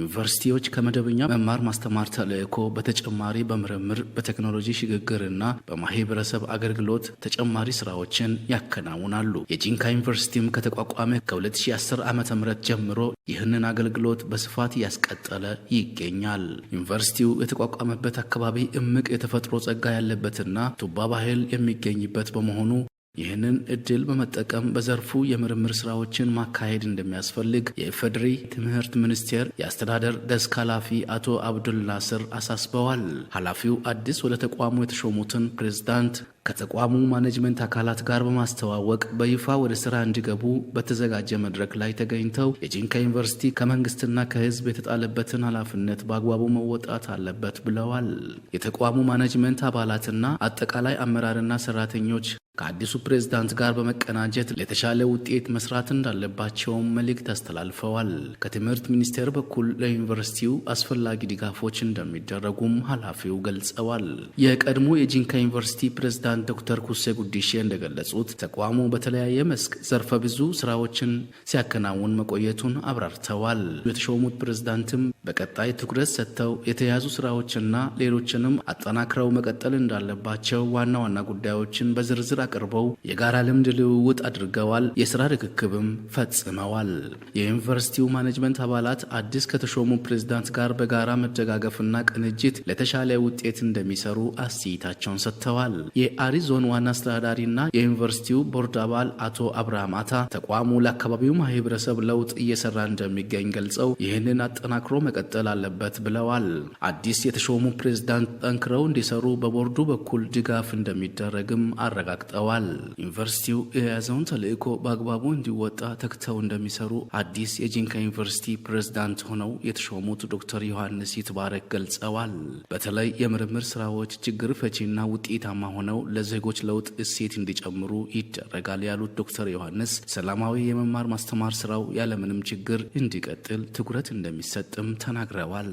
ዩኒቨርሲቲዎች ከመደበኛ መማር ማስተማር ተልእኮ በተጨማሪ በምርምር በቴክኖሎጂ ሽግግርና በማህበረሰብ አገልግሎት ተጨማሪ ስራዎችን ያከናውናሉ። የጂንካ ዩኒቨርሲቲም ከተቋቋመ ከ2010 ዓ ም ጀምሮ ይህንን አገልግሎት በስፋት እያስቀጠለ ይገኛል። ዩኒቨርሲቲው የተቋቋመበት አካባቢ እምቅ የተፈጥሮ ጸጋ ያለበትና ቱባ ባህል የሚገኝበት በመሆኑ ይህንን እድል በመጠቀም በዘርፉ የምርምር ስራዎችን ማካሄድ እንደሚያስፈልግ የኢፌዴሪ ትምህርት ሚኒስቴር የአስተዳደር ደስክ ኃላፊ አቶ አብዱል ናስር አሳስበዋል። ኃላፊው አዲስ ወደ ተቋሙ የተሾሙትን ፕሬዝዳንት ከተቋሙ ማኔጅመንት አካላት ጋር በማስተዋወቅ በይፋ ወደ ስራ እንዲገቡ በተዘጋጀ መድረክ ላይ ተገኝተው የጂንካ ዩኒቨርሲቲ ከመንግስትና ከህዝብ የተጣለበትን ኃላፊነት በአግባቡ መወጣት አለበት ብለዋል። የተቋሙ ማኔጅመንት አባላትና አጠቃላይ አመራርና ሰራተኞች ከአዲሱ ፕሬዝዳንት ጋር በመቀናጀት ለተሻለ ውጤት መስራት እንዳለባቸውም መልእክት አስተላልፈዋል። ከትምህርት ሚኒስቴር በኩል ለዩኒቨርሲቲው አስፈላጊ ድጋፎች እንደሚደረጉም ኃላፊው ገልጸዋል። የቀድሞ የጂንካ ዩኒቨርሲቲ ፕሬዝዳንት ፕሬዚዳንት ዶክተር ኩሴ ጉዲሼ እንደገለጹት ተቋሙ በተለያየ መስክ ዘርፈ ብዙ ስራዎችን ሲያከናውን መቆየቱን አብራርተዋል። የተሾሙት ፕሬዝዳንትም በቀጣይ ትኩረት ሰጥተው የተያዙ ስራዎችና ሌሎችንም አጠናክረው መቀጠል እንዳለባቸው ዋና ዋና ጉዳዮችን በዝርዝር አቅርበው የጋራ ልምድ ልውውጥ አድርገዋል። የስራ ርክክብም ፈጽመዋል። የዩኒቨርሲቲው ማኔጅመንት አባላት አዲስ ከተሾሙ ፕሬዝዳንት ጋር በጋራ መደጋገፍና ቅንጅት ለተሻለ ውጤት እንደሚሰሩ አስተያየታቸውን ሰጥተዋል። የሐረሪ ዞን ዋና አስተዳዳሪና የዩኒቨርሲቲው ቦርድ አባል አቶ አብርሃም አታ ተቋሙ ለአካባቢው ማህበረሰብ ለውጥ እየሰራ እንደሚገኝ ገልጸው ይህንን አጠናክሮ መቀጠል አለበት ብለዋል። አዲስ የተሾሙ ፕሬዝዳንት ጠንክረው እንዲሰሩ በቦርዱ በኩል ድጋፍ እንደሚደረግም አረጋግጠዋል። ዩኒቨርሲቲው የያዘውን ተልዕኮ በአግባቡ እንዲወጣ ተግተው እንደሚሰሩ አዲስ የጂንካ ዩኒቨርሲቲ ፕሬዝዳንት ሆነው የተሾሙት ዶክተር ዮሐንስ ይትባረክ ገልጸዋል። በተለይ የምርምር ስራዎች ችግር ፈቺና ውጤታማ ሆነው ለዜጎች ለውጥ እሴት እንዲጨምሩ ይደረጋል ያሉት ዶክተር ዮሐንስ ሰላማዊ የመማር ማስተማር ስራው ያለምንም ችግር እንዲቀጥል ትኩረት እንደሚሰጥም ተናግረዋል።